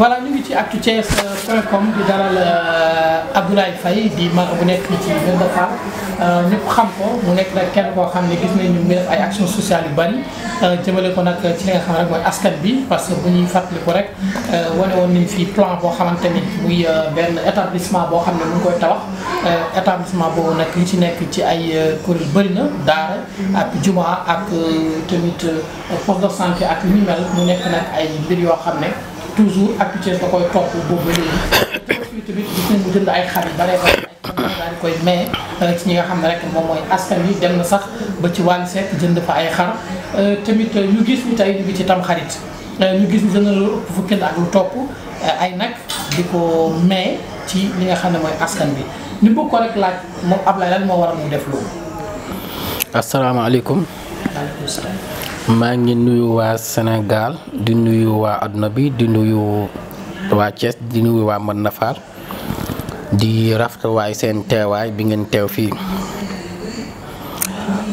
voilà ñu ngi ci actu Thiès euh, point com di dalal euh, Abdoulaye Faye di mag bu nekk ci Gueule de euh, Pape xam ko mu nekk nag kenn koo xam ne gis nañ ñu ngi def ay actions sociale yu bari jëmale ko nag ci li nga xam bi parce que bu ñuy rek wane woon nañ fii plan boo xamante ni muy benn établissement boo xam ne mu ngi koy tabax établissement boobu nag li ci nekk ci ay kuréel bëri na daara ak juma ak tamit poste de santé ak yu mu nekk nag ay mbir yoo xam ne. toujours Actu Thiès da koy topp boobu ba tamit gis nañ mu jënd ay xar yu bare koy maye euh, ci ñi nga xam ne rek moom mooy askan bi dem na sax ba ci wàllu seet jënd fa ay xar euh, tamit ñu gis ñu tey ñu ngi ci tamxarit euh, ñu gis ñu dana loolu ëpp fukki ak lu topp ay nag di ko maye ci li nga xam ne mooy askan bi ñu bëgg ko rek laaj moom Ablaye lan moo waral mu def loolu. asalaamaaleykum. waaleykum maa ngi nuyu waa Sénégal di nuyu waa àdduna bi di nuyu waa Thiès di nuyu waa Mën Nafar di rafetluwaay seen teewaay bi ngeen teew fii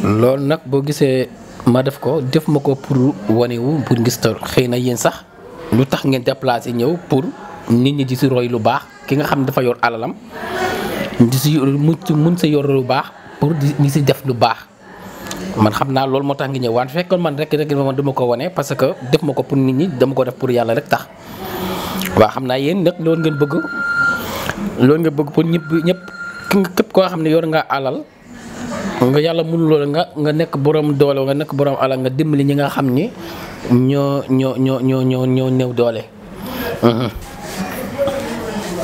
loolu nag boo gisee ma def ko def ma ko pour wonewu pour ngis tër xëy na yéen sax lu tax ngeen déplacé ñëw pour nit ñi di si roy lu baax ki nga xam ne dafa yor alalam di mun si yor lu baax pour di si def lu baax man xam naa loolu moo tax ngi ñëw waan fekkoon man rek rek man ma ko wane parce que def ma ko pour nit ñi dama ko def pour yàlla rek tax waaw xam naa yéen nag loolu ngeen bëgg loolu nga bëgg pour ñëpp ñëpp képp koo xam ne yor nga alal nga yàlla mënul loolu nga nga nekk borom doole nga nekk borom alal nga dimbali ñi nga xam ni ñoo ñoo ñoo ñoo ñoo ñoo néew doole.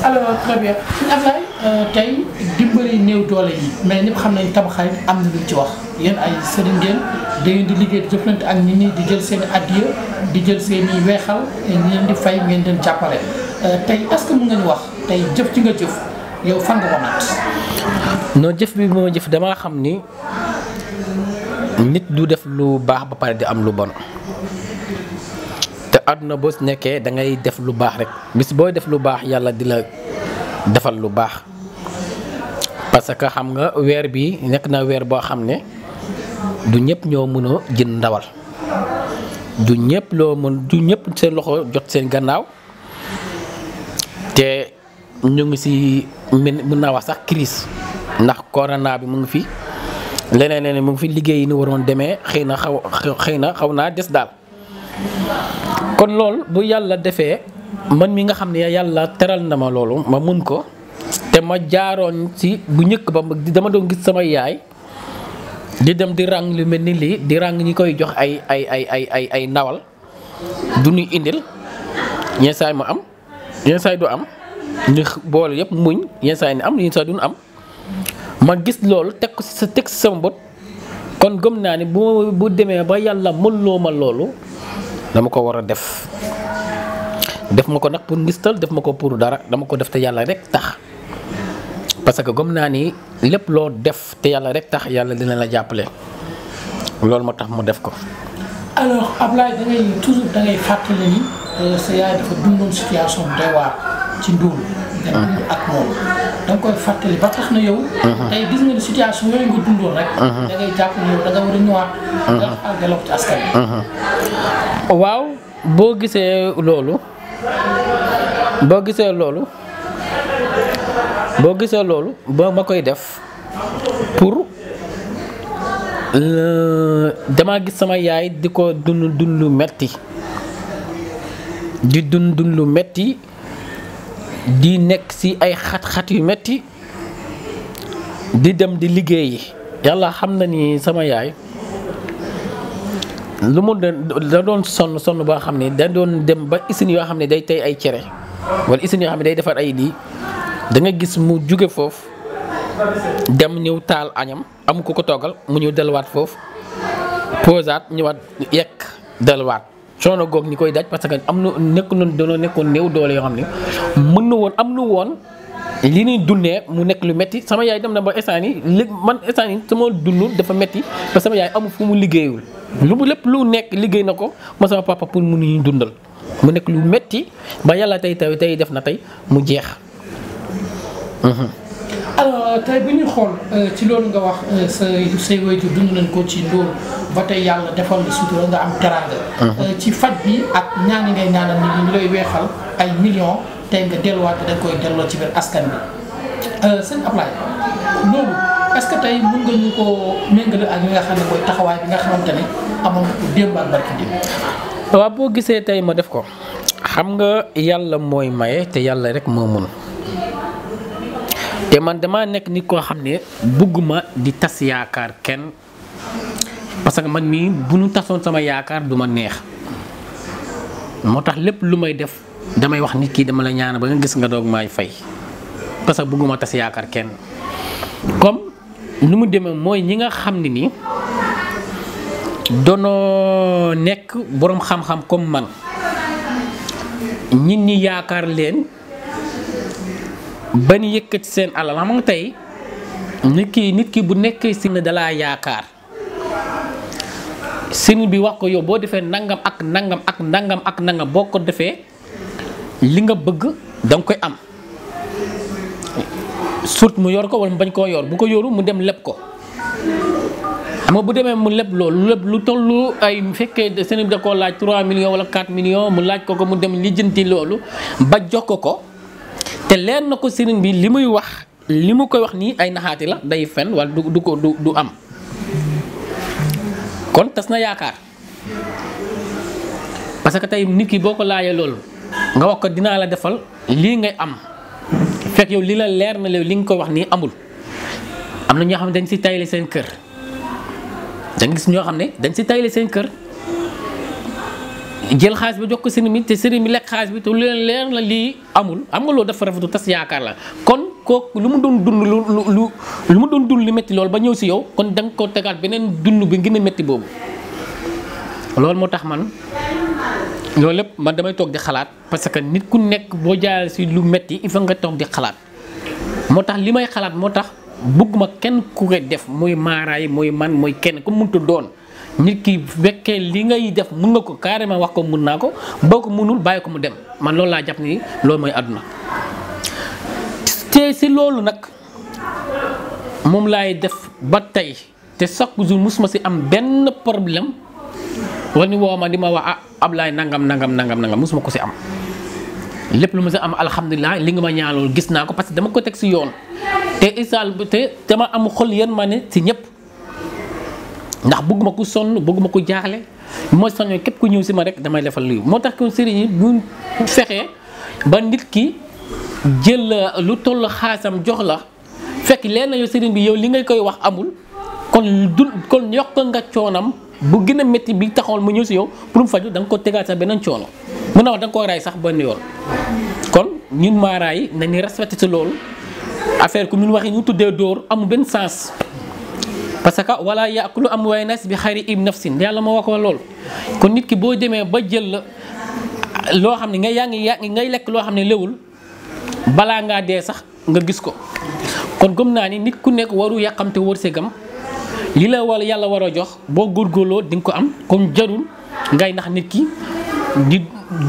alors très bien suñu euh, tey dimbali néew doole yi mais ñëpp xam nañ tabaxarit am na luñ ci wax yéen ay sëriñ ngeen da ngeen di liggéey di jëflante ak nit ñi di jël seen i addiya di jël seen i weexal ñu di fay ngeen leen jàppale euh, tey est ce que wax tey jëf ci nga jëf yow fan nga ko naat. non jëf bi moo jëf damaa xam ni nit du def lu baax ba pare di am lu bon. àdduna boo si nekkee dangay def lu baax rek bis booy def lu baax yàlla di la defal lu baax parce que xam nga weer bi nekk na weer boo xam ne du ñëpp ñoo mën a jën ndawal du ñëpp loo mën du ñëpp seen loxo jot seen gannaaw te ñu ngi si mën naa wax sax crise ndax corona bi mu ngi fi leneen leneen mu ngi fi liggéey yi ni waroon demee xëy na xaw xëy na xaw naa des daal kon lool bu yàlla defee man mi nga xam ne yàlla teral na ma loolu ma mën ko te ma jaaroon ci bu njëkk ba dama doon gis sama yaay di dem di ràng lu mel ni lii di ràng ñi koy jox ay ay ay ay ay ay ndawal du ñu indil yenn saay ma am yenn saay du am ñu boole yëpp muñ yenn saay ni am yenn saay du am ma gis loolu teg ko sa teg sama bët kon gëm naa ni bu bu demee ba yàlla mënuloo ma loolu dama ko war a def def ma ko nag pour ngistal def ma ko pour dara dama ko def te yàlla rek tax parce que gëm naa ni lépp loo def te yàlla rek tax yàlla dina la jàppale loolu moo tax mu def ko. alors Ablaye da toujours da ngay ni euh, sa yaay dafa dundoon situation bu ci Ndour. ak uh-huh. uh-huh. uh-huh. waaw boo gisee loolu boo gisee loolu boo gisee loolu ba ma koy def pour euh, dama gis sama yaay di ko dund dund lu metti di dund dund lu metti di nekk si ay xat-xat yu metti di dem di liggéeyi yàlla xam na ni sama yaay lu mu da doon sonn sonn boo xam ne da doon dem ba usine yoo xam ne day tey ay cere wala isin yoo xam ne day defar ay lii danga gis mu jóge foofu dem ñëw taal añam am ku ko toggal mu ñëw delluwaat foofu posaat ñëwaat yekk delluwaat soono goog ñi koy daj parce que am na nekk na danoo nekkoon new doole yoo xam ne mën na woon am na woon li ñuy dundee mu nekk lu metti sama yaay dem na ba instant yi man instant yi sama dund dafa metti ba sama yaay amul fu mu liggéeyul lu mu lépp lu nekk liggéey na ko ma sama papa pour nu ñuy dundal mu nekk lu metti ba yàlla tey tey tey def na tey mu jeex alors tey bu ñuy xool euh, ci loolu nga wax euh, sa say waajur dund nañ ko ci ndóol ba tey yàlla defal la sutura nga am teraanga. Uh-huh. Euh, ci faj bi ak ñaan ngay ñaanal nit ñu lay weexal ay millions tey nga delluwaat dañ koy delloo ci biir askan bi sëñ Ablaye loolu est-ce que tey mën nga ñu ko méngale ak li xam ne mooy taxawaay bi nga xamante ne amoon nga ko démb ak boo gisee tey ma def ko. xam nga yàlla mooy maye te yàlla rek moo mun. te man damaa nekk nit koo xam ne bëgguma di tas yaakaar kenn parce que man mii bu nu tasoon sama yaakaar duma neex moo tax lépp lu may def damay wax nit kii dama la ñaan ba nga gis nga doog maay fay parce que bugguma tas yaakaar kenn comme nu mu demee mooy ñi nga xam ne ni doonoo nekk boroom xam-xam comme man nit ñi yaakaar leen ba ñu yëkkati seen alal xam nga tey nit ki nit ki bu nekkee si ne dalaa yaakaar sëriñ bi wax ko yow boo defee nangam ak nangam ak ndangam ak nangam boo ko defee li nga bëgg danga koy am sut mu yor ko wala mu bañ koo yor bu ko yoru mu dem leb ko xam nga bu demee mu lépp loolu leb lu tollu ay mu fekkee sëriñ bi da koo laaj 3 millions wala 4 million mu laaj ko ko mu dem lijjanti loolu ba jox ko ko. te leer na ko sëriñ bi li muy wax li mu koy wax nii ay naxaati la day fen wala du du ko du am kon tas na yaakaar parce que tey nit ki boo ko laajee loolu nga wax ko dinaa la defal lii ngay am fekk yow li la leer na li nga ko wax nii amul am na ñoo xam ne dañ si tayle seen kër da gis ñoo xam ne dañ si tayle seen kër. jël xaalis bi jox ko sëriñ bi te sëriñ bi lekk xaalis bi te lu leen leer la lii amul am nga loolu dafa rafetu tas yaakaar la kon kook lu mu doon dund lu lu mu doon dund li métti loolu ba ñëw si yow kon danga nga ko tegaat beneen dund bi gën a métti boobu loolu moo tax man loolu lépp man damay toog xalaat parce que nit ku nekk boo jaayal si lu métti il faut nga toog di xalaat moo tax li may xalaat moo tax bëgguma kenn ku koy def mooy maaraay mooy man mooy kenn ku muntu doon nit ki fekkee li ngay def mën nga ko carrément wax ko mun naa ko boo ko mënul bàyyi ko mu dem man loolu laa jàpp ni loolu mooy àdduna te si loolu nag moom laay def ba tey te chaque jour mosuma si am benn problème wala ni woo ma di ma wax a ah Ablaye nangam nangam nangam nangam mosuma ko si am lépp lu ma si am alhamdulilah li nga ma ñaanal gis naa ko parce que dama ko teg si yoon te isaal te dama am xol yéen ma ne si ñëpp. ndax bëgguma ko sonn bëgguma ko jaaxle mooy sañoon képp ku ñëw si ma rek damay defal lii moo tax kon sëriñ yi bu fexee ba nit ki jël lu toll xaasam jox la fekk leen na yow sëriñ bi yow li nga koy wax amul kon du kon yokk nga coonam bu gën a bi taxawal mu ñëw si yow pour mu faju da nga ko beneen coono mun naa wax da koo raay sax benn yoon kon ñun maaraay nañu respecté si loolu affaire ku ñun waxee ñu tuddee dóor amul benn sens parce que wala yaakulu amwaay nas bi xayri im nafsin yàlla moo wax ko loolu kon nit ki boo demee ba jël loo xam ne nga yaa ngay lekk loo xam ne léwul balaa ngaa dee sax nga gis ko kon gëm naa ni nit ku nekk waru yàqamte wërsëgam li la war yàlla war a jox boo góorgóorloo di nga ko am kon jarul ngay nax nit ki di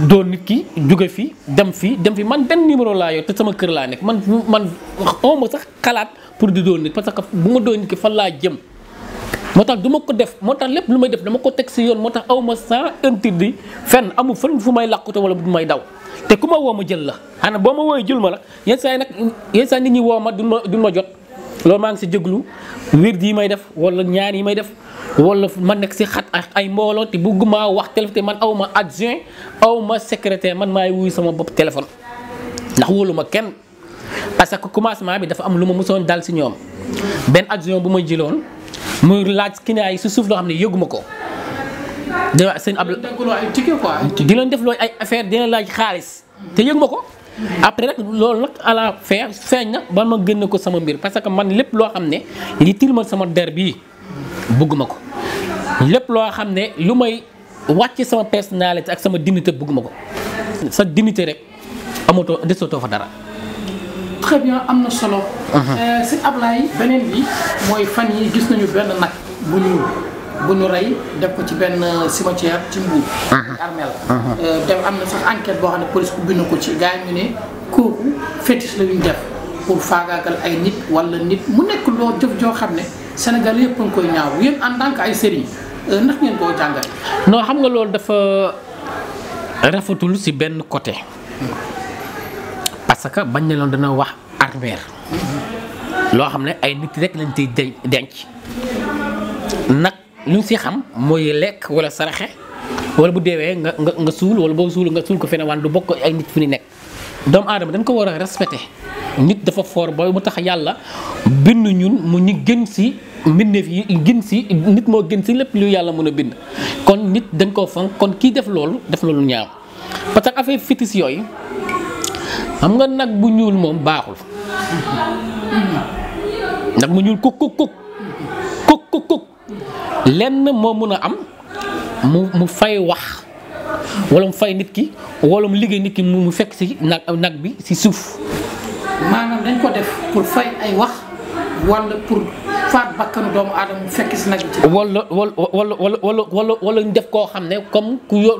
doo nit ki jóge fi dem fi dem fi man benn numéro laa yor te sama kër laa nekk man man xaw ma sax xalaat pour di doo nit parce que bu ma doo nit ki fan laa jëm. moo tax du ma ko def moo tax lépp lu may def dama ko teg si yoon moo tax aw ma sans interdit fenn amul fenn fu may làqute wala bu may daw te ku ma woo ma jël la xanaa boo ma woowee jël ma la yenn saa yi nag yenn saa nit ñi woo ma du ma duñ ma jot. loolu maa ngi si jéglu wird yi may def wala ñaan yi may def wala man nekk si xat ay mbooloo te bëgguma wax téléphone te man aw ma adjoint aw ma secrétaire man maay wuy sama bopp téléphone ndax wóolu ma kenn parce que commencement bi dafa am lu ma mosoon dal si ñoom benn adjoint bu ma jiloon muy laaj client yi si suuf loo xam ne yëguma ko. dina seen ab di leen def looy ay affaire dina laaj xaalis te yëg ma ko. après loolu nag à la fin feeñ na ba ma génn ko sama mbir parce que man lépp loo xam ne li tilmal sama der bii bugguma ko lépp loo xam ne lu may wàcc sama personnalité ak sama dignité bugguma ko sa dignité rek amatoo desatoo fa dara. très bien am na solo. Mhm. Euh, si Ablaye beneen bi mooy fan yi gis nañu benn nag bu ñuul. bu ñu rey def ko ci benn cimetière ci Mbour. armel euh, def am na sax enquête boo xam ne police ubbi na ko ci gaa ñu ne kooku fétiche la ñu def pour faagaagal ay nit wala nit mu nekk loo jëf joo xam ne Sénégal yëpp a koy ñaaw yéen en tant ay sëriñ euh, ndax ngeen koo jàngal. non xam nga loolu dafa rafetul si benn côté. parce que bañ na loon dana wax armeer mm-hmm. loo xam ne ay nit rek lañ tey denc nag li ñu si xam mooy lekk wala saraxe wala bu deewee nga nga nga suul wala boo suul nga suul ko feneen waan du bokk ay nit fu ñu nekk doomu aadama dañ ko war a respecté nit dafa foor ba mu tax yàlla bind ñun mu ñu gën si mbindeef yi gën si nit moo gën si lépp lu yàlla mën a bind kon nit dañ koo fonk kon kii def loolu def loolu ñaaw parce que affaire fétiche yooyu xam nga nag bu ñuul moom baaxul nag mu ñuul kuk kuk kuk kuk lenn moo mun a am mu mu fay wax wala mu fay nit ki wala mu liggéey nit ki mu fekk si nag nag bi si suuf. maanaam dañ ko def pour fay ay wax wala pour faat bakkanu doomu aadama mu fekk si nag bi. wala wala wala wala wala wala ñu def koo xam ne comme ku yor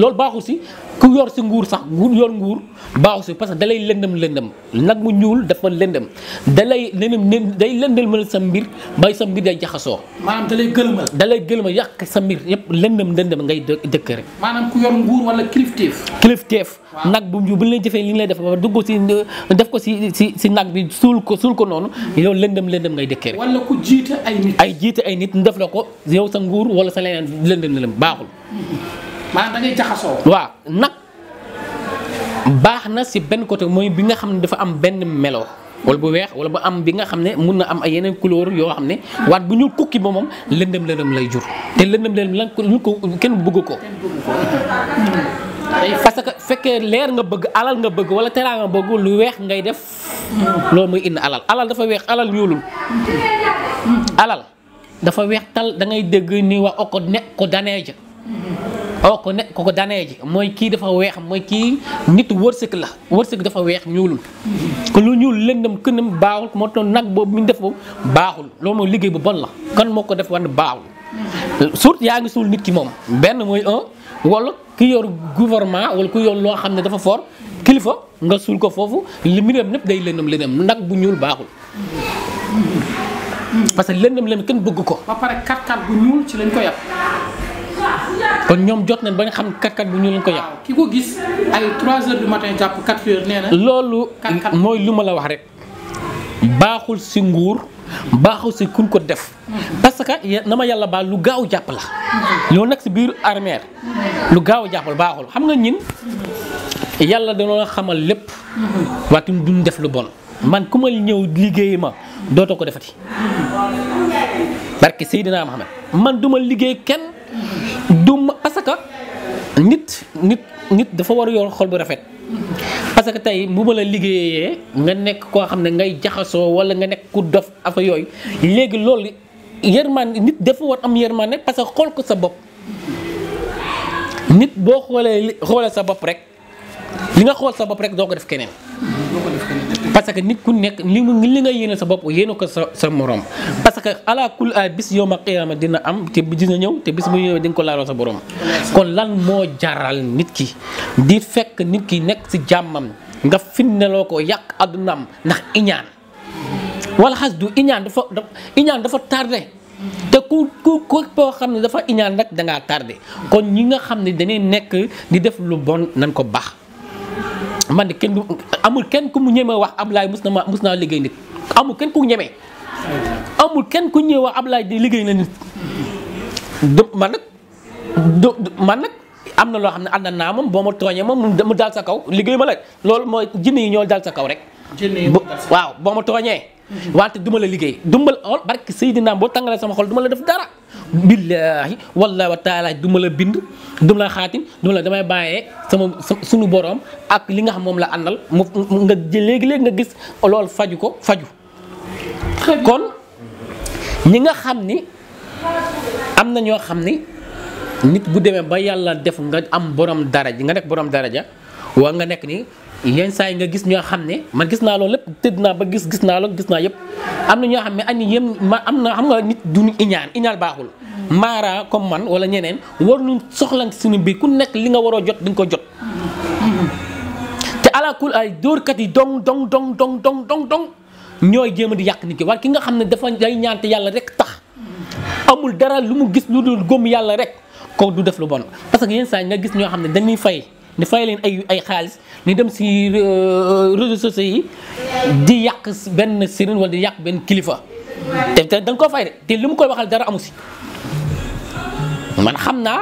loolu baaxu si ku yor si nguur sax gu yor nguur baaxu si parce que dalay lëndëm lëndëm nag mu ñuul dafa lëndëm dalay lëndëm ne day lëndëmal sa mbir bay sa mbir day jaxasoo. maanaam dalay gëlmal. dalay gëlmal yàq sa mbir yëpp lëndëm lëndëm ngay dëkk rek. maanaam ku yor nguur nag bu ñu bu lay jëfee li ñu lay def ba dugg si def ko si si si nag bi suul ko suul ko noonu yow lëndëm lëndëm ngay dëkkee rek. wala ku ay nit. ay jiite ay def la ko yow sa nguur wala sa leneen lëndëm lëndëm baaxul. maanaam da waaw nag baax na si benn côté mooy bi nga xam ne dafa am benn melo wala bu weex wala bu am bi nga xam ne mun na am ay yeneen couleur yoo xam ne waat bu ñu kukki ba moom lëndëm lëndëm lay jur te lëndëm lëndëm lan ko kenn bëgg ko. parce que fekkee leer nga bëgg alal nga bëgg wala teraa nga lu weex ngay def loolu mooy indi alal alal dafa weex alal ñuulul alal dafa weex tal da ngay dégg ni waa oko ne ko daneeja oo ko ne ko ko danee ji mooy kii dafa weex mooy kii nit wërsëg la wërsëg dafa weex ñuulul ko lu ñuul lëndam kënam baaxul moo tax nag boobu mi def boobu baaxul loolu mooy liggéey bu bon la kan moo ko def wan baaxul surtout yaa ngi suul nit ki moom benn mooy un wala wala ku yor loo xam ne dafa fort kilifa nga suul ko foofu li mbiram ñëpp day lëndam lëndam nag bu ñuul baaxul parce que lëndam lëndam kenn bëgg ko. pare kat ci lañ ko yàq. kon ñoom jot nañ ba nga xam kat kat bu ñu leen ko yàq. ki ko gis ay 3 heures du matin jàpp 4 heures nee na. loolu mooy lu ma la wax rek baaxul si nguur baaxul si kuñ ko def. parce que na ma yàlla baal lu gaaw jàpp la. loolu nag si biir armeer lu gaaw jàpp la baaxul xam nga ñin. yàlla danoo xamal lépp. waaye duñ def lu bon. man ku ma ñëw liggéey ma dootoo ko defati. barke Seydina Muhammad man duma liggéey kenn. du parce que nit nit nit dafa war a yor xol bu rafet. parce que tey bu la liggéeyee nga nekk koo xam ne ngay jaxasoo wala nga nekk ku dof afa yooyu léegi loolu yërmande nit dafa war am yërmande parce que xool ko sa bopp. nit boo xoolee xoolee sa bopp rek li nga xool sa bopp rek doo ko def keneen. parce que nit ku nekk li li nga yéene sa bopp yéene ko sa sa moroom parce que ala kul ay bis yow ma qiyaama dina am te dina ñëw te bis bu ñëwee di ko laaloo sa borom. kon lan moo jaral nit ki di fekk nit ki nekk si jàmmam nga neloo ko yàq addunaam ndax iñaan wala xas du iñaan dafa iñaan dafa tardé. te ku ku koo xam ne dafa iñaan nag dangaa ngaa tardé kon ñi nga xam ne dañuy nekk di def lu bon nañ ko baax. man de kenn amul kenn ku mu ñeme wax Ablaye mus na ma mus naa liggéey nit amul kenn ku ñeme. amul kenn ku ñëwee wax Ablaye di liggéey na nit. du man nag du man nag am na loo xam ne ànd naa moom boo ma tooñee moom mu daal sa kaw liggéey ma la loolu mooy jinne yi ñoo dal sa kaw rek. waaw boo ma tooñee. Mhm. wante duma la liggéey dumbal xool barki Seydina boo tàngalee sama xol duma la def dara. billaahi wallaahi wa taala duma la bind duma la xaatim duma la damay bàyyee sama suñu boroom ak li nga xam moom la àndal mu nga léegi nga gis loolu faju ko faju kon ñi nga xam ni am na ñoo xam ni nit bu demee ba yàlla def nga am borom daraja nga nekk dara daraja waa nga nekk ni yenn saa yi nga gis ñoo xam ne man gis naa loolu lépp tëdd naa ba gis gis naa loolu gis naa yëpp am na ñoo xam ne ani yëm ma am na xam nga nit du ñu iñaan iñaan baaxul maaraa comme man wala ñeneen war ñu soxlante suñu biir ku nekk li nga war a jot di ko jot te alakul ay dóorkat yi dong dong dong dong dong dong dong ñooy jéem a di yàq nit ki waaye ki nga xam ne dafa day ñaante yàlla rek tax amul dara lu mu gis lu dul góom yàlla rek ko du def lu bon parce que yenn saa yi gis ñoo xam ne dañuy fay ni fay leen ay ay xaalis ñu dem si euh, réseaux sociaux yi di yàq benn sëriñ wala di yàq benn kilifa te te dañ koo fay de te li mu koy waxal dara amu si man xam naa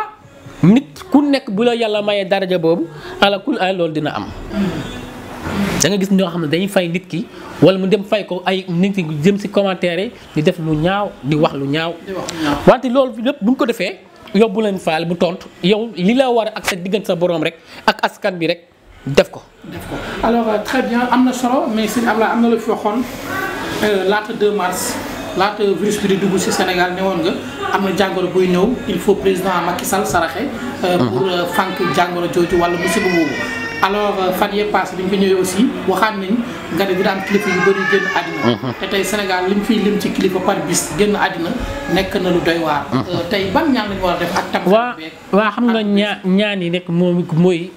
nit ku nekk bu la yàlla mayee daraja boobu ala kul ay loolu dina am da nga gis ñoo xam ne dañuy fay nit ki wala mu dem fay ko ay nit ki jëm si commentaire yi di def lu ñaaw di wax lu ñaaw wante loolu lépp bu ñu ko defee yóbbu leen faal bu tontu yow li la war ak sa diggante sa borom rek ak askan bi rek def ko. def ko alors euh, très bien am na solo mais si sëñ Ablaye am na la fi waxoon euh, laata 2 mars laata virus bi di dugg ci Sénégal ne woon nga am na jàngoro buy ñëw il faut président Macky Sall saraxe. Euh, mhm. pour fànk jàngoro jooju wala musiba boobu. alors euh, fan yee paas bi ñu ko ñëwee aussi waxaat nañ nga ne dina am kilifa yu bëri génn àddina mhm. te tey Sénégal li fi fiy lim ci kilifa par bis génn àddina nekk na lu doy waar mhm. euh, tey ban ñaan lañu war a xam nga ñaa ñaan moom mooy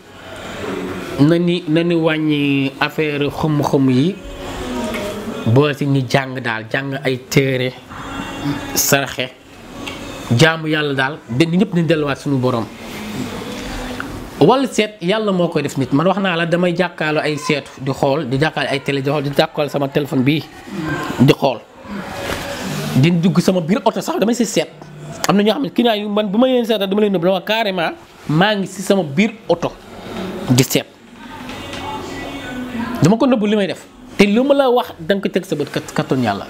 na ni na ni wàññi affaire xam-xam yi boo si ñu jàng daal jàng ay téere sarxe jaamu yàlla daal dañ ñëpp ni delluwaat suñu boroom wàllu seet yàlla moo koy def nit man wax naa la damay jàkkaalu ay seetu di xool di jàkkaal ay télé di xool di jàkkaal sama téléphone bii di xool di dugg sama biir oto sax damay si seet am na ñoo xam ne client yu man bu ma leen seetal dama leen nëbb dama carrément maa ngi si sama biir oto di seet dama ko nëbb li may def te lu ma la wax da ko teg sa bët kattoon yàlla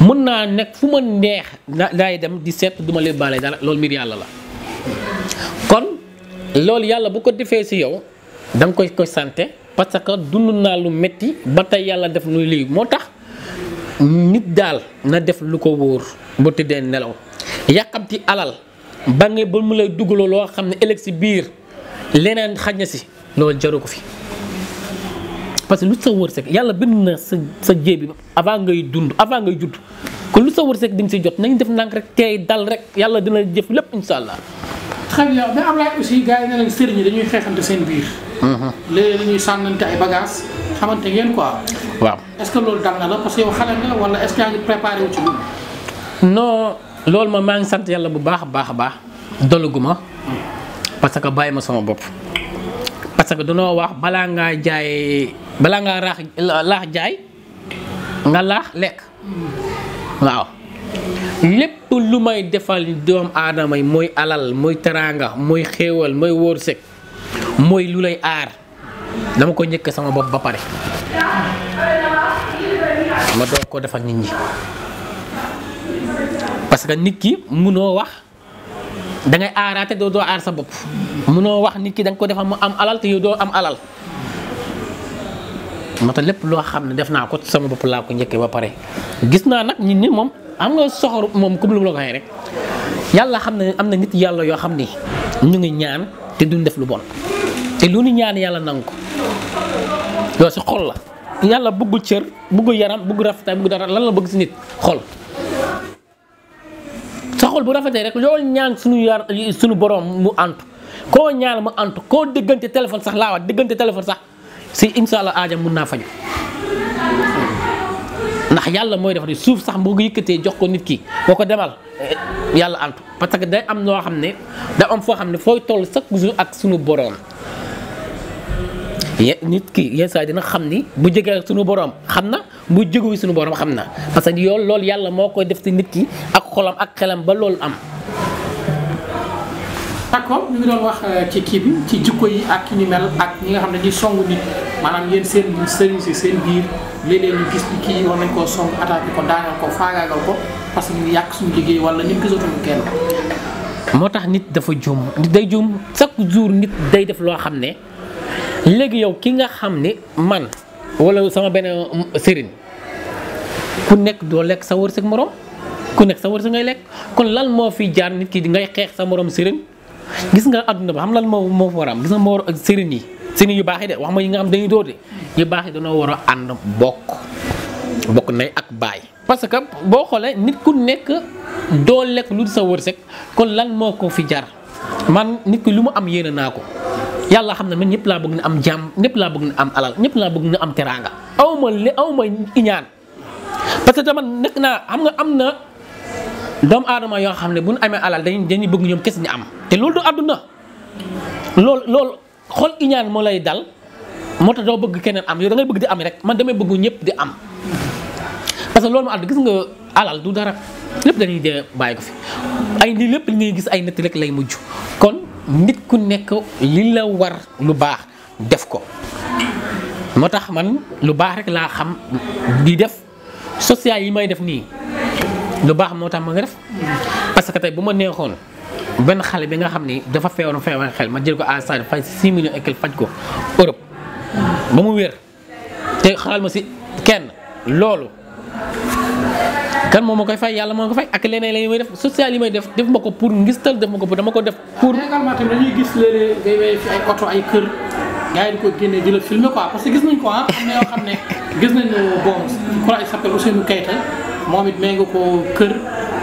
mën naa nekk fu ma neex daay dem di seet duma ma leen baale dara loolu mbir yàlla la loolu yàlla bu ko defee si yow da nga koy koy sante parce que dund naa lu métti ba tey yàlla def nu lii moo tax nit daal na def lu ko wóor ba tëddee nelaw yàqamti alal ba nga ba mu lay dugaloo loo xam ne ëllëg si biir leneen xaj na si loolu jaru ko fi parce que lu sa wërsëg yàlla bind na sa sa jéebi avant ngay dund avant ngay judd kon lu sa wërsëg di nga si jot nañu def ndànk rek tey dal rek yàlla dina jëf lépp incha allah. très am mais Ablaye aussi gars yi ne leen sëriñ yi dañuy xeexante seen biir. Mhm. léeg-léeg sànnante ay bagages xamante ngeen quoi. waaw est-ce que loolu dal na la parce que yow xale nga wala est-ce yaa ngi préparé wu ci loolu. ma maa ngi sant yàlla bu baax a baax a baax dolagu ma parce que bàyyi ma sama bopp parce que danoo wax balaa ngaa jaay balaa ngaa raax laax jaay nga laax lekk hmm. waaw. lépp lu may defal doom aadama yi mooy alal mooy teraanga mooy xéewal mooy wóorsëg mooy lu lay aar dama ko njëkk sama bopp ba pare ma doog ko nit ñi parce que nit ki munoo wax da ngay aaraate doo sa bopp munoo wax nit ki da ko defal mu am alal te yow doo am alal moo tax lépp loo xam ne def naa ko sama bopp laa ko njëkkee ba pare gis naa nag nit ñi moom am nga soxor moom comme lu mu la ko waxee rek yàlla xam ne am na nit yàlla yoo xam ni ñu ngi ñaan te duñ def lu bon te lu ñu ñaan yàlla nangu ko loolu si xol la yàlla bëggu cër bëggu yaram bëggu rafetaay bëggu dara lan la bëgg si nit xol sa xol bu rafetee rek loolu ñaan suñu yar suñu borom mu antu koo ñaan mu antu koo diggante téléphone sax laa wax diggante téléphone sax si incha aajam mun naa faju ndax yàlla mooy def ni suuf sax boo ko yëkkatee jox ko nit ki moo ko demal yàlla antu parce que day am noo xam ne da am foo xam ne fooy toll sa jour ak sunu boroom nit ki yenn saa dina xam ni bu jegee sunu boroom xam na bu jegewul sunu boroom xam na parce que yow loolu yàlla moo koy def ci nit ki ak xolam ak xelam ba loolu am d'accord ñu ngi doon wax euh, ci kii bi ci jikko yi ak ki ñu mel ak ñi nga xam ne ñuy song nit maanaam yéen seen sëriñ si seen biir léeg-léeg ñu gis ni kii war nañ koo song attaqué ko daanal ko faagaagal ko parce que ñu ngi yàq suñu liggéey wala ñu gisatuñu kenn. moo tax nit dafa juum nit day juum chaque jour nit day def loo xam ne léegi yow ki nga xam ni man wala sama benn mm, sëriñ ku nekk doo lekk sa wërsëg morom ku nekk sa wërsëg ngay lekk kon lan moo fi jaar nit ki ngay xeex sa morom sëriñ. gis nga adduna ba xam lan moo moo war a gis nga moo war ak sëriñ yi sëriñ yu baax yi de wax ma yi nga xam dañuy dóote yu baax yi dañoo war a ànd bokk bokk nay ak baay. parce que boo xoolee nit ku nekk doo lekk lu sa wërsëg kon lan moo ko fi jar man nit ku lu mu am yéene naa ko yàlla xam ne man ñëpp laa bëgg na am jàmm ñëpp laa bëgg na am alal ñëpp laa bëgg na am teraanga. aw ma li iñaan parce que man nekk naa xam nga am na. doomu aadama yoo xam ne bu ñu amee alal dañuy dañuy bëgg ñoom kes ñu am te loolu du àdduna loolu loolu xool iñaan moo lay dal moo tax doo bëgg keneen am yow da bëgg di am rek man damay bëgg ñëpp di am parce que loolu ma àdd gis nga alal du dara lépp dañuy dee bàyyi ko fi ay lii lépp li ngay gis ay nett rek lay mujj kon nit ku nekk li la war lu baax def ko moo tax man lu baax rek laa xam di def social yi may def nii lu baax moo tax ma nga def parce que tey bu ma neexoon benn xale bi nga xam ni dafa feewoon feewoon xel ma jël ko à Sane fay 6 millions et quelques faj ko Europe mu wér te xaal ma si kenn loolu kan moom koy fay yàlla moo fay ak leneen la may def social yi may def def ma ko pour ngistal def ma ko pour dama ko def. pour ay oto parce que gis nañ ko ah, am na yoo xam ne gis nañu bon ku la ay s'appelle Ousseynou Keita moom it may nga ko kër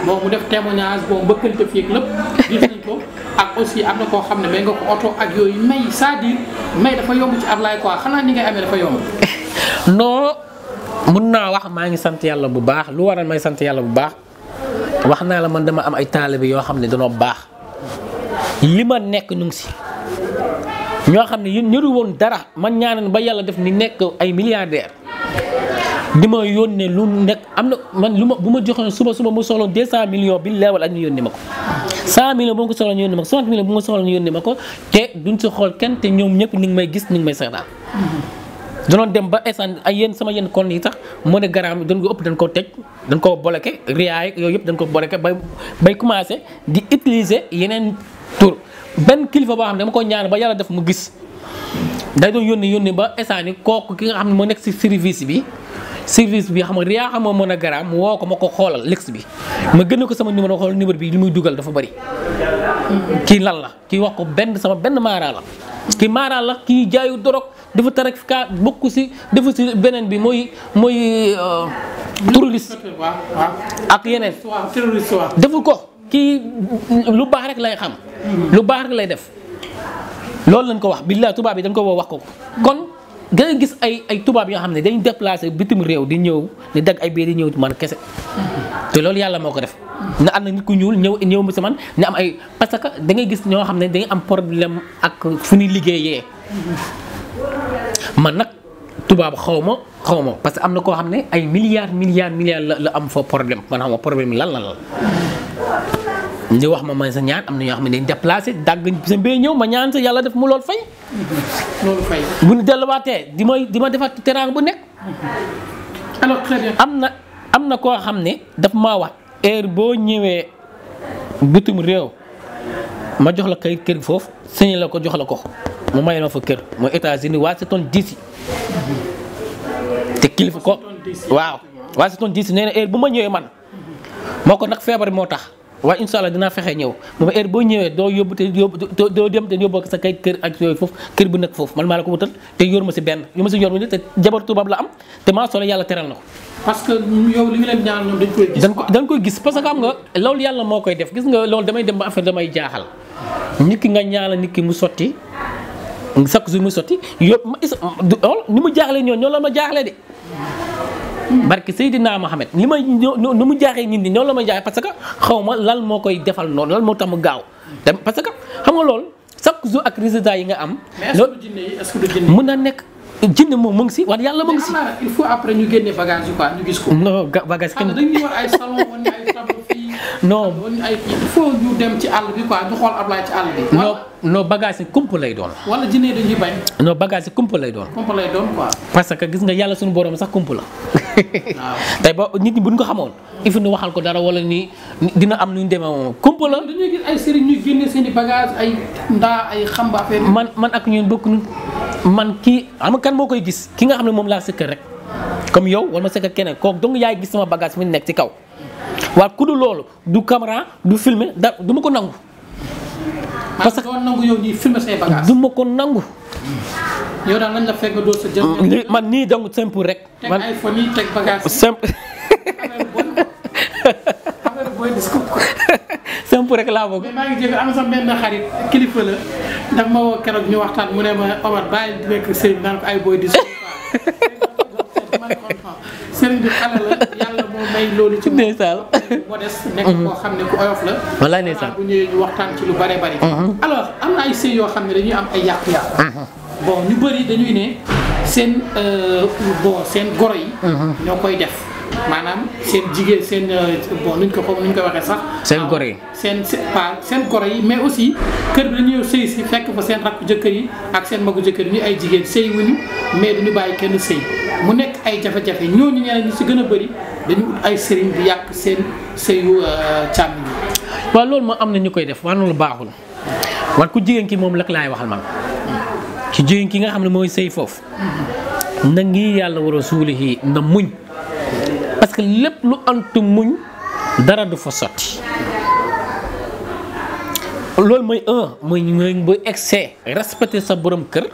moom mu def témoignage boo mbëkkante fii ak lépp gis ko ak aussi am na koo xam ne may nga ko oto ak yooyu may c'est-à-dire may dafa yomb ci Ablaye quoi xanaa ni ngay amee dafa yomb non mun naa wax maa ngi sant yàlla bu baax lu waral may sant yàlla bu baax wax naa la man dama am ay taalibe yoo xam ne danoo baax li ma nekk ñu ngi si ñoo xam ne yéen ñëru woon dara man ñaanal ba yàlla def ni nekk ay milliardaire di ma yónnee lu nekk am na man lu ma bu ma joxoon suba suba mu soxla 200 million bi leewal ak ñu yónnee ma ko. san millions bu ma ko soxla ñu yónnee ma ko 60 millions bu ma soxla ñu ko te duñ si xool kenn te ñoom ñëpp ñu ngi may gis ñu ngi may seetaan. danoon dem ba instant ay yéen sama yenn kon yi sax moo ne garaam dañ ko ëpp dañ koo tëj dañ koo bloqué riaay yooyu yëpp dañ ko bloqué bay bay commencé di utiliser yeneen tur benn kilifa boo xam ne dama ko ñaan ba yàlla def mu gis. day doon yónni yónni ba instant kooku ki nga xam ne moo nekk si service bi service bi xam nga yaa xam mën a garaam woo ko ma ko xoolal lex bi ma gën ko sama numéro xool numéro bi li muy dugal dafa bëri. kii lan la ki wax ko benn sama benn maaraa la kii maaraa la ki jaayu dorog dafa tar ak kaa bokk si dafa si beneen bi mooy mooy. Euh, turuliste ak yeneen. defu ko kii lu baax rek lay xam. lu baax rek lay def. loolu lañ ko wax billaay tubaab yi dañ ko woo wax ko kon. nga gis ay ay tubaab yoo xam ne dañu déplacé bitim réew di ñëw di dagg ay bee di ñëw man kese te loolu yàlla moo ko def na am na nit ku ñuul ñëw ñëw mu si man ne am ay parce que da ngay gis ñoo xam ne dañuy am problème ak fu ñuy liggéeyee man nag tubaab xaw ma xaw ma parce que am na koo xam ne ay milliards milliards milliards la am fa problème man xaw ma problème lan la la ñu wax ma man sa ñaan am na ñoo xam ne dañ déplacé dàgg sa mbéy ñëw ma ñaan sa yàlla def mu loolu fay. loolu bu ñu delluwaatee di ma di ma defar teraanga bu nekk. am na am na koo xam ne daf ma wax heure boo ñëwee bitum réew ma jox la kayit kër foofu sañ la ko jox la ko mu may ma fa kër mooy États-Unis Washington DC te kilifa ko waaw Washington DC nee na heure bu ma ñëwee man moo ko nag feebar moo tax. waaye incha allah dinaa fexe ñëw moom heure boo ñëwee doo yóbbu te yóbbu doo dem te yóbboo sa kay kër ak yooyu foofu kër bu nekk foofu man maa la ko wutal te yor ma si benn yor ma si yor ma te jabar tubaab la am na ko. parce que yow li ñoom ko dañ koy gis parce que xam nga loolu yàlla moo koy def gis nga loolu damay dem ba affaire damay jaaxal nit ki nga ñaanal nit ki mu sotti chaque jour mu sotti yób ma ool ni mu jaaxlee ñoom ñoo la ma jaaxlee de. barke Seydina Mohamed li may nu mu jaaxee nit ñi noonu la may jaaxee parce que xaw ma lan moo koy defal noonu lan moo tam mu gaaw te parce que xam nga loolu chaque jour ak résultat yi nga am. loolu na nekk. jinne moom mu ngi si wala yàlla mu ngi si. mais il faut ñu génne bagage yi quoi gis ko. non bagage kenn dañuy war ay salon woon dem ci àll bi quoi ñu xool Ablaye ci kump lay doon. wala jinne dañuy bagage yi kump lay doon. kump lay doon quoi. que gis nga yàlla suñu borom sax kump la. tey ba nit ñi buñ ko xamoon il faut waxal ko dara wala nii dina am nu ñu demee moom kumpa la. dañuy gis ay sëriñ ñu génne seen i bagages man man ak ñun bokk nu man kii xam kan moo koy gis ki nga xam ne moom laa sëkk rek comme yow wala ma sëkk keneen kooku dong yaay gis sama bagage mi nekk ci kaw waaw ku du loolu du caméra du filmer da du ko nangu. parce que nangu yow ñuy filmer say bagages du ko nangu. yow daal lañ la fekk doo sa jël mm, man nii donc simple rek. man teg iPhone yi laa bëgg. maa ngi jël am sa la ndax ma woo ñu waxtaan mu ne ma moo may loolu ci ndeysaan modeste nekk koo xam ne ku oyof la wala ndeysaan bu ñëwee ñu waxtaan ci lu bare bari mm-hmm. alors am na ay sëy yoo xam ne dañuy am ay yàqu-yàqu mm-hmm. bon ñu bëri dañu ne seen euh, bon seen goro yi mm-hmm. ñoo koy def maanaam seen jigéen seen euh, bon nuñ ko xom nuñ ko waxee sax. seen goro yi ah, seen seen pas seen goro yi mais aussi kër bi dañuy sëy si fekk fa seen rakku jëkkër yi ak seen magu jëkkër yi ñu ay jigéen sëy wuñu mais duñu bàyyi kenn sëy mu nekk ay jafe-jafe ñooñu ñeneen ñu si gën a bëri dañu ut ay sëriñ di yàq seen sëyu uh, càmm yi. waaw loolu moom am na ñu koy def waaw loolu baaxul wan ku jigéen ki moom lak lay waxal man ki jigéen ki nga xam ne mooy sëy foofu na ngi yàlla war a suulihi na muñ parce que lépp lu antu muñ dara du fa sotti loolu mooy un mooy mooy excès respecter sa borom kër.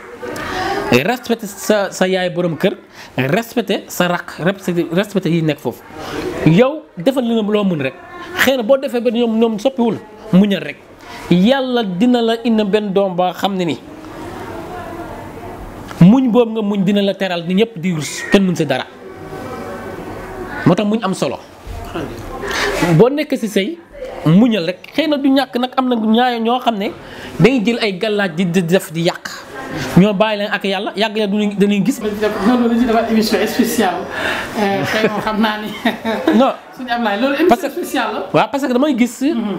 respecté sa sa yaay boroom kër respecté sa rakk respecté yi nekk foofu yow defal li loo mën rek xëy na boo defee ba ñoom ñoom soppiwul muñal rek yàlla dina la indi benn doom ba xam ne ni muñ boobu nga muñ dina la teral ni ñëpp di rus kenn mën si dara moo tax muñ am solo boo nekk si sëy muñal rek xëy na du ñàkk nag am na ñaay ñoo xam ne dañuy jël ay gàllaaj di def di yàq ñoo bàyyi leen ak yàlla yàgg ya dañuy gis. loolu ci dafa émission spéciale euh, tey xam naa ni. non suñu Ablaye loolu la. waaw parce que damay gis. Mhm.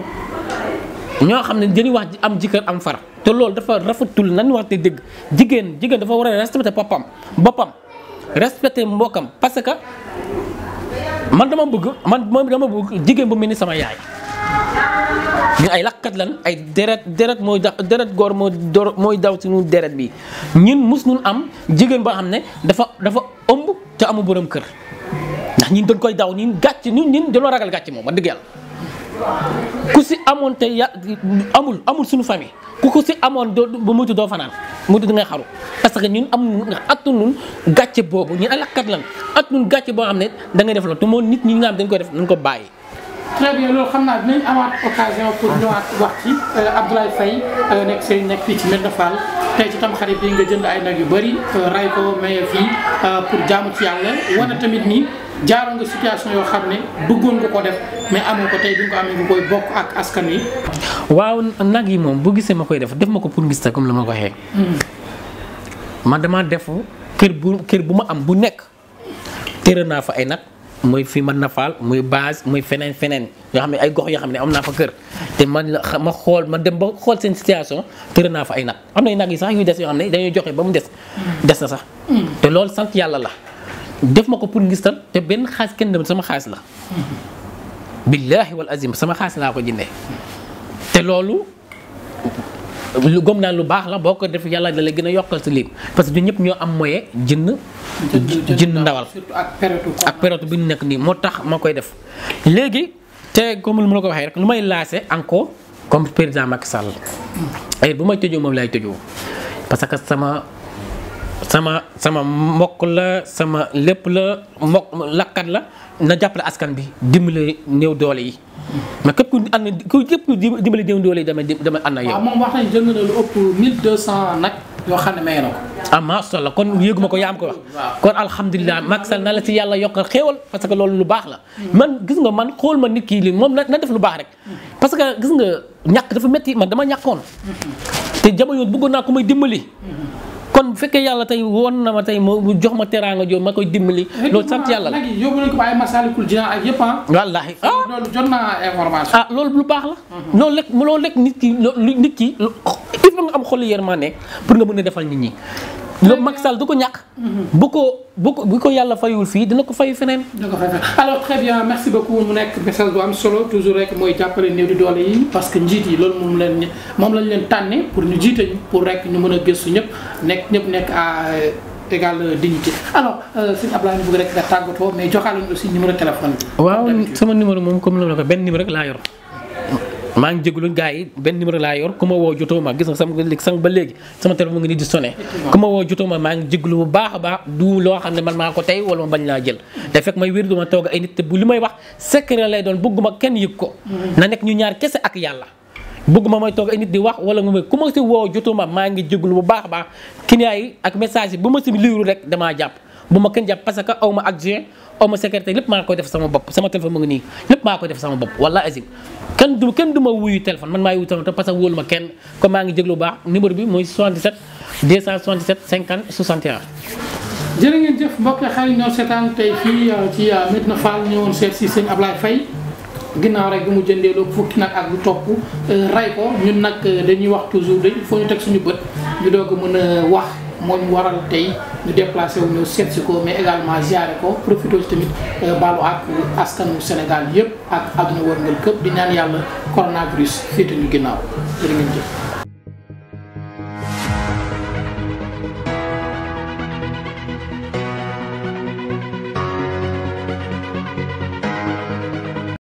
ñoo xam ne dañuy wax am jëkkër am far te loolu dafa rafetul nan wax te dégg jigéen jigéen dafa war a respecté boppam boppam respecté mbokkam parce que man dama bëgg man moom dama bëgg jigéen bu mel ni sama yaay. ñun ay lakkat lan ay deret deret mooy da deret góor mooy dor mooy daw ci nu deret bi ñun mus nun am jigéen boo xam ne dafa dafa ëmb te amu borom kër ndax ñun dañ koy daw ñun gàcc ñun ñun dañoo ragal gàcc moom ma dëgg yàlla ku si amoon te ya amul amul suñu famille ku ko si amoon doo ba muytu doo fanaan muytu da ngay xaru parce que ñun am attu nun gàcce boobu ñun ay lakkat lan at nun gàcce boo xam ne da ngay def loolu tu moo nit ñi nga xam dañ koy def nañ ko bàyyi très bien xam naa dinañ amaat occasion pour ñëwaat wax ci euh, Abdoulaye Faye euh, nekk sëriñ nekk fii ci Medina Fall tey ci tam xarit bi nga jënd ay nag yu bëri euh, ray ko maye fii pour jaamu ci yàlla wane tamit nii jaaro nga situation yoo xam ne bëggoon nga ko def mais amoo ko tey bi nga ko amee nga koy bokk ak askan wi. waaw nag yi moom boo gisee ma koy def def ma ko pour ngis ta comme la ma ko waxee. Hmm. man dama def kër bu kër bu ma am bu nekk tere naa fa ay nag. muy fi mën na faal muy base muy feneen feneen yoo xam ne ay gox yoo xam ne am naa fa kër te man la ma xool ma dem ba xool seen situation tëra naa fa ay nag am na ay nag yi sax yuy des yoo xam ne dañuy joxe ba mu des des na sax te loolu sant yàlla la def ma ko pour ngis te benn xaalis kenn dem sama xaalis la billaahi wal azim sama xaalis laa ko jëndee te loolu lu gëm naa lu baax la boo ko def yàlla da gën a yokkal sa lépp parce que ñun ñëpp ñoo am moyen jënd. jënd ndawal ak période bi ñu nekk nii moo tax ma koy def. léegi te comme lu ma la ko waxee rek lu may laase encore comme président Macky Sall ay bu may tëjoo moom laay tojoo parce que sama. sama sama mbokk la sama lépp la mbokk lakkat la na jàppale askan bi dimbale néew doole yi. mais képp ku ànd ku képp ku dimbale néew doole yi damay damay ànd ak yow. Ah, moom wax nañ jënd na nag yoo xam ne may na ko. ah macha allah kon yëgu ma ko yaa am ko wax. kon alhamdulilah Macky Sall na la si yàlla yokkal xéewal parce que loolu lu baax la. man gis nga man xool ma nit kii li moom na def lu baax rek. parce que gis nga ñàkk dafa métti man dama ñàkkoon. Mm-hmm. te jamono bëggoon naa ku may dimbali. Mm-hmm. kon bu fekkee yàlla tey woon na ma tey mu jox ma teraanga jooju ma koy dimbali. loolu sant yàlla la léegi yóbbu nañu ko ay Masaalikul Jinaan ak yëpp ah. wallaahi ah loolu jot na information. ah loolu lu baax la. Mhm. loolu rek loolu lekk nit ki nit ki il faut nga am xolu yërmande pour nga mën a defal nit ñi loolu Macky Sall du ko ñàkk. Mhm. bu ko bu ko bu ko yàlla fayul fii dina ko fay feneen. dina ko fay alors très bien merci beaucoup mu nekk message bu am solo toujours rek mooy jàppale néew di doole yi parce que njiit yi loolu moom leen moom lañ leen tànnee pour ñu jiite pour rek ñu mën a gëstu ñëpp nekk ñëpp nekk à euh, égale dignité alors euh, sëñ Abdoulaye bëgg rek nga tàggatoo mais joxaale ñu aussi numéro téléphone yi waaw sama numéro moom comme ni ma benn numéro rek laa yor. maa ngi jégalu gars yi benn numéro laa yor ku ma woo jotoo ma gis nga sama sama ba léegi sama téléphone ngi nii di woo jotoo ma maa ngi jégalu bu baax a du loo xam ne man maa ko tey wala ma bañ laa jël te fekk may toog ay nit bu li may wax secret lay doon bëgguma kenn yëg ko na nekk ñu ñaar kese ak yàlla bëgguma may toog ay nit di wax wala mu may ku ma si woo jotoo ma maa ngi jégalu bu baax a baax client ak message yi bu ma si liiru rek damaa jàpp bu ma kenn jàpp parce que aw ma adjoint aw ma secrétaire lépp maa koy def sama bopp sama téléphone mu ngi nii lépp maa koy def sama bopp wallaahi azim kenn du kenn du ma wuyu téléphone man maa wuyu téléphone parce que wóolu ma kenn comme maa ngi jéglu bu baax numéro bi mooy 77 267 50 61. jërë ngeen jëf mbokk xarit euh, euh, rek bi mu jëndee loo fukki nag ak lu topp euh, ray ko ñun nag dañuy wax toujours dañu foo ñu teg suñu bët ñu doog a mën a wax. moo ñu waral tey ñu déplacé wu ñëw ko mais également ziare ko profité ci tamit euh, baalu ak askanu Sénégal yëpp ak àdduna wërngal këpp di ñaan yàlla coronavirus féete ñu ginnaaw